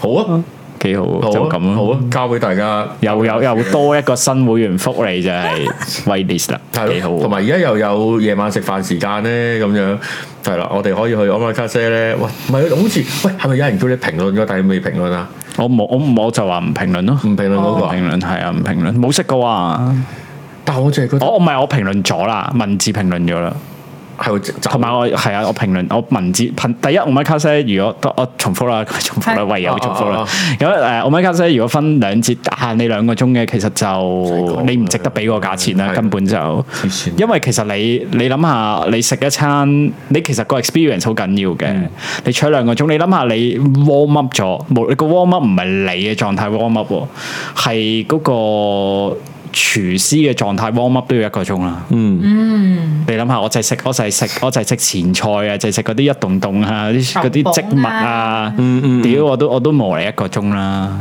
好啊。幾好就咁好啊！交俾、啊、大家，又有又多一個新會員福利就係 Waitlist 啦，幾 好。同埋而家又有夜晚食飯時間咧，咁樣係啦，我哋可以去 Omakase 咧。喂，唔係好似，喂，係咪有人叫你評論咗？但係未評論啊？我冇，我唔，我就話唔評論咯，唔評論嗰個，唔評論係啊，唔評論，冇識噶，但係我淨係覺得，哦，唔係我評論咗啦，文字評論咗啦。係，同埋我係啊！我評論我文字噴第一奧米加西。如果我重複啦，重複啦，唯有重複啦。咁誒、啊啊啊啊啊，奧米加西如果分兩節限、啊、你兩個鐘嘅，其實就你唔值得俾個價錢啦，嗯、根本就因為其實你你諗下，你食一餐，你其實個 experience 好緊要嘅。的你取兩個鐘，你諗下你 warm up 咗，冇你個 warm up 唔係你嘅狀態 warm up 喎，係嗰個。廚師嘅狀態 warm up 都要一個鐘啦。嗯，你諗下，我就係食，我就係食，我就係食前菜啊，就係食嗰啲一棟棟啊，啲嗰啲植物啊。屌、嗯嗯嗯、我都我都磨嚟一個鐘啦。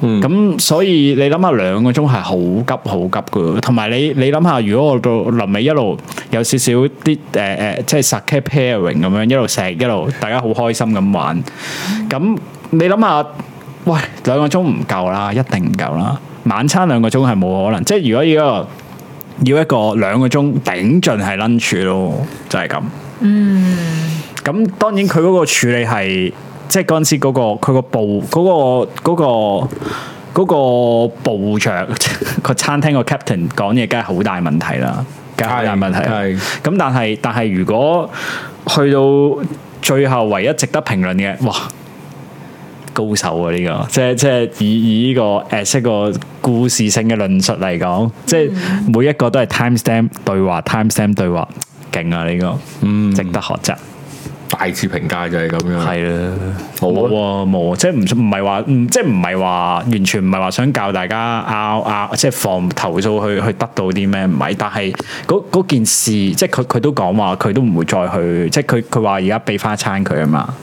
咁、嗯、所以你諗下兩個鐘係好急好急㗎，同埋你你諗下，如果我到臨尾一路有少少啲誒誒，即係 sake pairing 咁樣一路食一路，大家好開心咁玩。咁、嗯、你諗下，喂兩個鐘唔夠啦，一定唔夠啦。晚餐兩個鐘係冇可能，即係如果要一個要一個兩個鐘頂盡係 lunch 咯，就係咁。嗯，咁當然佢嗰個處理係，即係嗰陣時佢、嗰個部嗰、嗰個嗰、嗰個、嗰個嗰個嗰個部長個 餐廳個 captain 講嘢，梗係好大問題啦，梗係好大問題。係咁，但係但係如果去到最後唯一值得評論嘅，哇！高手啊！呢、這個即係即係以以呢、這個誒 s、呃、一個故事性嘅論述嚟講，嗯、即係每一個都係 time stamp 對話 time stamp 對話勁啊！呢、這個嗯，值得學習。大致評價就係咁樣。係啦、啊，冇喎、啊，冇、啊啊啊，即係唔唔係話，即係唔係話完全唔係話想教大家拗拗、啊啊，即係防投訴去去得到啲咩？唔係，但係嗰件事，即係佢佢都講話，佢都唔會再去，即係佢佢話而家俾翻一餐佢啊嘛。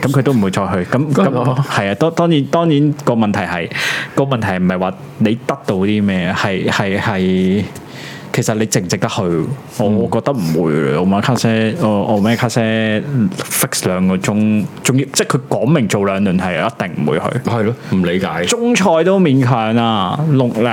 咁佢都唔會再去。咁咁係啊，當然當然當然個問題係個問題係唔係話你得到啲咩，係係係。其實你值唔值得去？嗯、我覺得唔會。我買卡車，我我買卡車 fix，嗯、兩個鐘，仲、嗯、要即係佢講明做兩輪係一定唔會去。係咯，唔理解。中菜都勉強啊，六零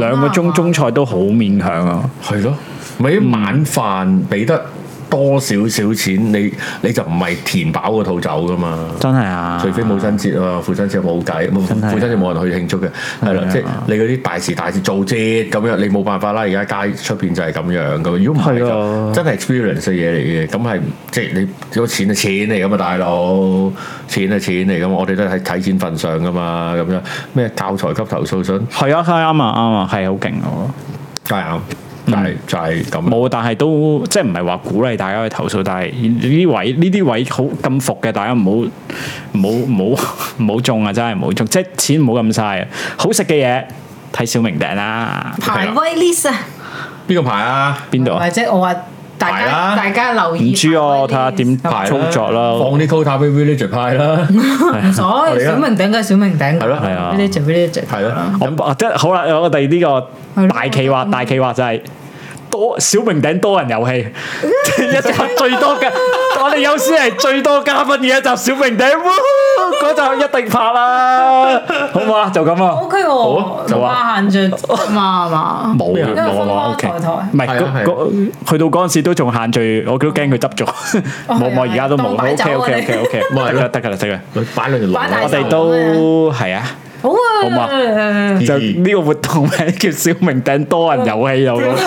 兩個鐘中菜都好勉強啊。係咯，咪晚飯俾得。嗯多少少錢，你你就唔係填飽個肚走噶嘛？真係啊！除非母親節啊，父親節冇計，父親就冇人去慶祝嘅。係啦，即係你嗰啲大時大節做啫，咁樣你冇辦法啦。而家街出邊就係咁樣噶，如果唔係就真係 experience 嘅嘢嚟嘅，咁係即係你有錢啊錢嚟咁啊大佬，錢啊錢嚟咁，我哋都係睇錢份上噶嘛，咁樣咩教材級投訴信係啊，係啱啊，啱啊，係好勁喎，係啊！ 但係就係咁。冇，但係都即係唔係話鼓勵大家去投訴，但係呢啲位呢啲位好咁伏嘅，大家唔好唔好唔好唔好中啊！真係唔好中，即係錢唔好咁嘥。好食嘅嘢睇小明頂啦，排威 list 啊，邊個排啊？邊度？或者我話大家大家留意。唔知我睇下點排操作啦，放啲 quota 俾 Willie 姐派啦。唔使小明頂個小明頂，係咯係啊，Willie 姐 Willie 姐係咯。咁即係好啦，我哋呢個。大企劃，大企劃就係多小明頂多人遊戲，一集最多嘅，我哋有時係最多嘉賓嘅一集小明頂，嗰集一定拍啦，好唔好嘛？就咁啊，OK，就話限聚嘛係嘛？冇，因為好多後台，唔係嗰嗰去到嗰陣時都仲限聚，我都驚佢執咗，冇冇，而家都冇，OK OK OK OK，得啦得啦得啦，擺兩條龍，我哋都係啊。好啊，好啊、嗯。就呢個活動名叫小明頂多人遊戲有咯。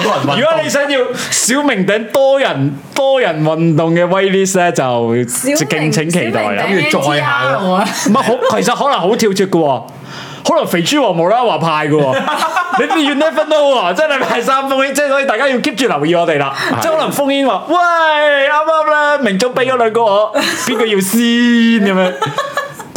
如果你想要小明頂多人多人運動嘅 waitlist 咧，就敬請期待啦，跟住再下、啊。唔係好，其實可能好跳脱嘅，可能肥豬王無啦啦話派嘅，You never know 啊？即係你派三封煙，即係所以大家要 keep 住留意我哋啦。即係 可能封煙話，喂啱啱咧？命中俾咗兩個我，邊個、嗯、要先咁樣？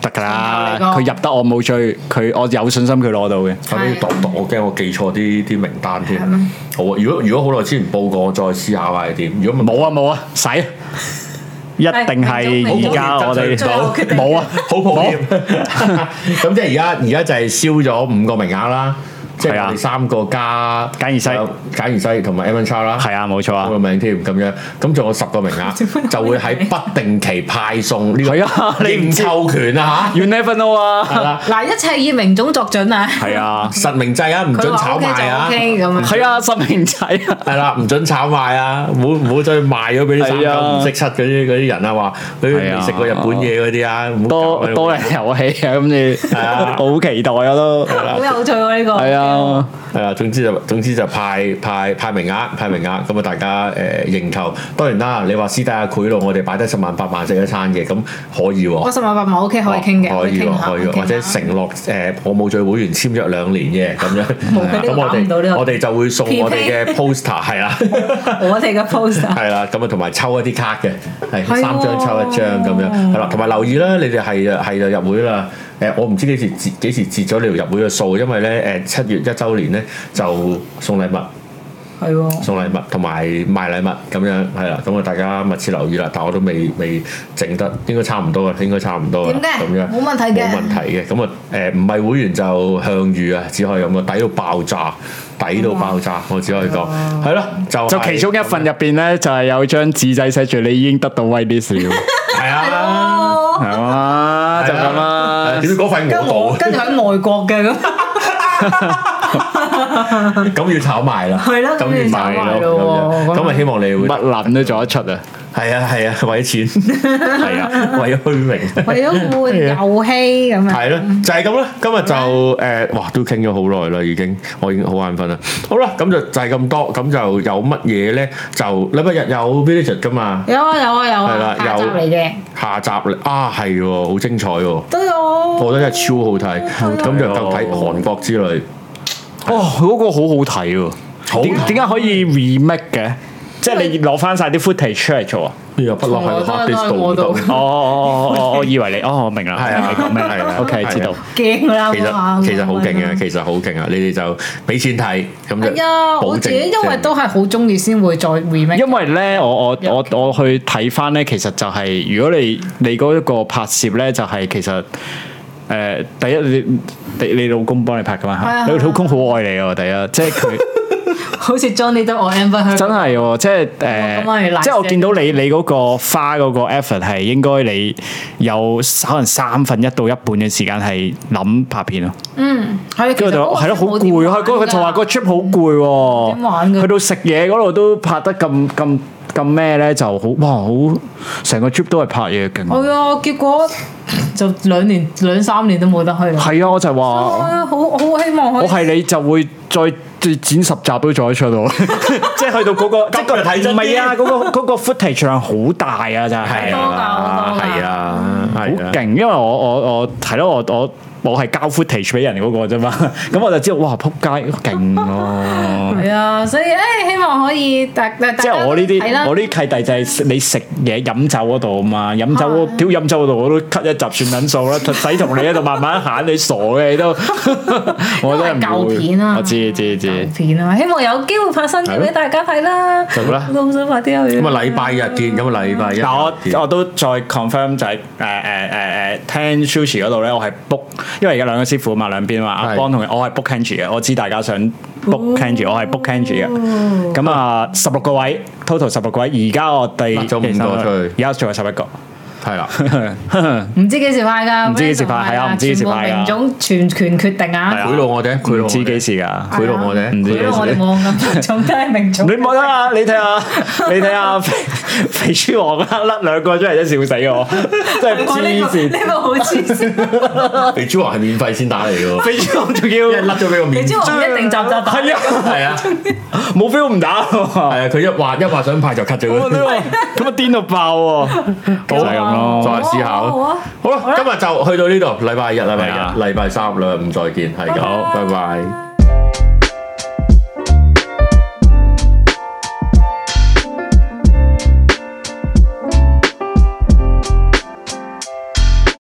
得㗎啦，佢、嗯、入得我冇罪，佢我有信心佢攞到嘅。睇下佢度唔度？我驚我記錯啲啲名單添。的好啊，如果如果好耐之前報過，我再思考下係點。如果冇啊冇啊，使、啊啊啊、一定係而家我哋冇冇啊，好抱歉。咁沒 即係而家而家就係燒咗五個名額啦。即係我哋三個加簡易西、簡易西同埋 Emun Char 啦，係啊，冇錯啊，冇個名添咁樣，咁仲有十個名額，就會喺不定期派送呢個應抽權啊嚇，You never know 喎，嗱，一切以名種作準啊，係啊，實名制啊，唔准炒賣啊，咁啊，係啊，實名制啊，係啦，唔准炒賣啊，唔好唔好再賣咗俾啲三九唔識七嗰啲啲人啊，話佢未食過日本嘢嗰啲啊，多多人遊戲啊，咁你，係啊，好期待啊。都，好有趣喎呢個係啊。係啦，總之就總之就派派派名額派名額，咁啊大家誒，認購，當然啦。你話私底下賄賂我哋，擺低十萬八萬食一餐嘅，咁可以。我十萬八萬 OK，可以傾嘅，可以，可以，或者承諾誒，我冇做會員簽約兩年嘅咁樣。咁啱唔我哋就會送我哋嘅 poster，係啦，我哋嘅 poster 係啦。咁啊，同埋抽一啲卡嘅，係三張抽一張咁樣，係啦。同埋留意啦，你哋係係就入會啦。誒，我唔知幾時截幾時截咗呢條入會嘅數，因為咧誒七月一週年咧就送禮物，係喎，送禮物同埋賣禮物咁樣係啦，咁啊大家密切留意啦。但我都未未整得，應該差唔多嘅，應該差唔多啦。點嘅？冇問題嘅。冇問題嘅。咁啊誒，唔係會員就向隅啊，只可以咁啊，抵到爆炸，抵到爆炸，我只可以講係咯，就就其中一份入邊咧就係有張紙仔寫住你已經得到威 d s 了，係啊。係啊，就咁啦。點知嗰份我到，跟住喺外國嘅咁。咁要炒賣啦，係啦，咁要炒賣咯。咁啊，希望你會乜捻都做得出啊！係啊，係啊，為錢，係啊，為咗虛名，為咗玩遊戲咁啊！係咯，就係咁啦。今日就誒，哇，都傾咗好耐啦，已經，我已經好眼瞓啦。好啦，咁就就係咁多，咁就有乜嘢咧？就禮拜日有《Beauty》噶嘛？有啊，有啊，有啊，下集嚟嘅下集啊，係，好精彩喎！都有，我覺得真係超好睇，咁就更睇韓國之類。哇！佢嗰個好好睇喎，點解可以 remake 嘅？即係你攞翻晒啲 footage 出嚟做啊！不嬲喺度。哦哦哦，我以為你哦，我明啦，係啊，係咁樣係啦。OK，知道。驚啦！其實其實好勁嘅，其實好勁啊！你哋就俾錢睇咁就。係啊，我自己因為都係好中意先會再 remake。因為咧，我我我我去睇翻咧，其實就係如果你你嗰一個拍攝咧，就係其實。誒，第一你你老公幫你拍噶嘛？你老公好愛你喎、啊，嗯、第一即係佢，好似 Johnny 得我 a m 真係喎，即係誒，即係、嗯、我見到你、嗯、你嗰個花嗰個 effort 係應該你有可能三分一到一半嘅時間係諗拍片咯。嗯，跟住就係咯，好攰、嗯。佢佢佢仲話個 trip 好攰喎，嗯啊、玩去到食嘢嗰度都拍得咁咁。咁咩咧就好哇好，成個 trip 都係拍嘢勁。係啊，結果就兩年兩三年都冇得去。係啊，我就話、啊，好我好希望我。我係你就會再再剪十集都再出度， 即係去到嗰、嗰個 即係唔係啊嗰、嗰個、嗰個 footage 量好 大啊真係啊係啊係啊，好勁、啊！因為我我我睇到我我。我我我我係交 footage 俾人嗰個啫嘛，咁我就知道哇，撲街勁咯。係啊，所以誒，希望可以即係我呢啲，我呢契弟就係你食嘢飲酒嗰度嘛，飲酒屌飲酒嗰度我都 cut 一集算撚數啦，使同你喺度慢慢行，你傻嘅你都。我覺得舊片啊，我知知知。片啊，希望有機會拍新片俾大家睇啦。得啦，我都好想拍啲。咁啊禮拜日見，咁啊禮拜日。我我都再 confirm 就係誒誒誒誒 Ten Sushi 嗰度咧，我係 book。因為而家兩個師傅啊嘛，兩邊嘛，是阿邦同我係 book can you 嘅，我知大家想 book can you，我係 book can you 嘅。咁啊、oh. 嗯，十六個位，total 十六個位，而家我哋做唔到，而家仲有十一個。係啦，唔知幾時派噶，唔知幾時派，係啊，唔知幾時派啊！名種全權決定啊！賄賂我啫，唔知幾時噶，賄賂我哋？唔知幾時。望咁你望得啊？你睇下，你睇下肥肥豬王甩甩兩個出嚟真笑死我，真係唔知你部好黐線，肥豬王係免費先打嚟噶，肥豬王仲要甩咗俾個，肥豬王一定集集打，係啊，冇 feel 唔打，係啊，佢一話，一話想派就 cut 咗佢，咁啊癲到爆，唔使 Hello, 再思試考，啊，好啦，今日就去到呢度，禮拜一啦，係啊，禮拜三禮拜五再見，係咁，好，Okay. 拜拜。